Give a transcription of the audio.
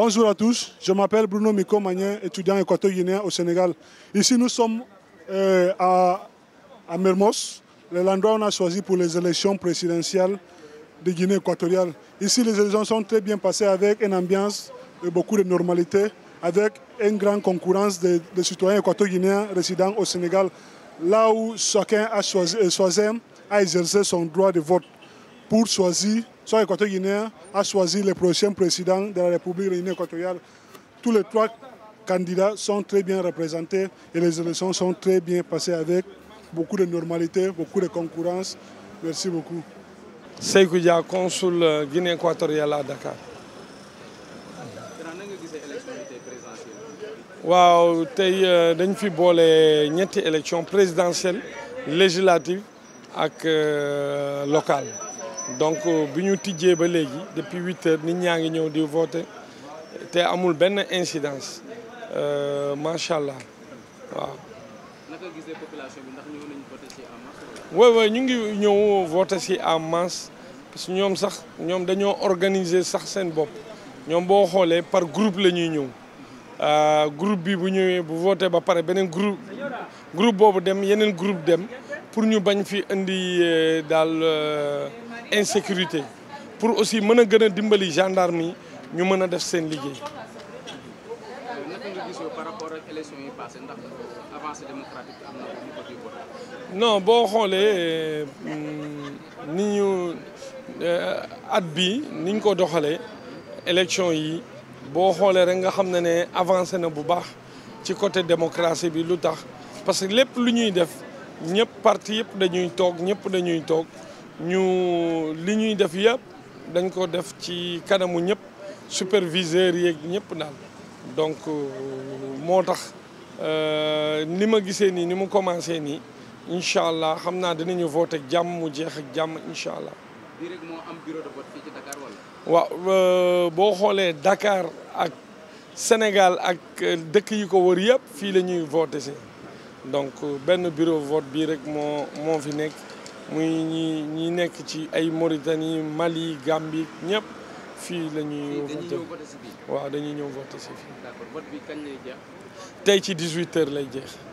Bonjour à tous, je m'appelle Bruno Miko Magnin, étudiant équato-guinéen au Sénégal. Ici, nous sommes euh, à, à Mermos, l'endroit qu'on a choisi pour les élections présidentielles de Guinée équatoriale. Ici, les élections sont très bien passées avec une ambiance de beaucoup de normalité, avec une grande concurrence de, citoyens équato-guinéens résidant au Sénégal, là où chacun a choisi, euh, choisi, a exercé son droit de vote pour choisir sont équato-guinéens, a choisi le prochain président de la République réunie équatoriale. Tous les trois candidats sont très bien représentés et les élections sont très bien passées avec beaucoup de normalité, beaucoup de concurrence. Merci beaucoup. Seydou Dia consul euh, Guinée équatoriale à Dakar. waaw tey euh, dañ fi boole ñetti élection présidentielle législative ak euh, locale. donc euh, bi ñu tijjee ba léegi depuis huit heures nit ñaa ngi ñëw di voter te amul benn incidence euh, macha allah waaw. waaw ñu ngi ñëw voter si en masse parce que ñoom sax ñoom dañoo organiser sax seen bopp ñoom boo xoolee par groupe la ñuy ñëw. Euh, groupe bi bu ñëwee bu voté ba pare beneen groupe groupe boobu dem yeneen groupe dem pour ñu bañ fi indi euh, daal euh, insécurité pour aussi mën a gën a dimbali gendarme yi ñu mën a def seen liggéey. non boo xoolee euh, ni ñu at bi ni ñu ko doxalee élection yi boo xoolee rek nga xam ne ne avancé na bu baax ci côté démocratie bi lu tax parce que lépp lu ñuy def. ñëpp partie yëpp dañuy toog ñëpp dañuy toog ñu li ñuy def yëpp dañ ko def ci kanamu ñëpp superviseur yeeg ñëpp daal donc euh, moo tax euh, ni ma gisee nii ni mu commencé nii incha allah xam naa dinañu voté ak jàmm mu jeex ak jàmm incha allah. moo am waaw euh, boo xoolee Dakar ak Sénégal ak dëkk yi ko wër yëpp fii la ñuy voté si. donc euh, benn bureau vote bii rek moo moo fi nekk muy ñi ñi nekk ci ay Mauritanie Mali Gambie ñëpp fii la ñuy voté waaw dañuy ñëw voté si fii tey ci 18 heures lay jeex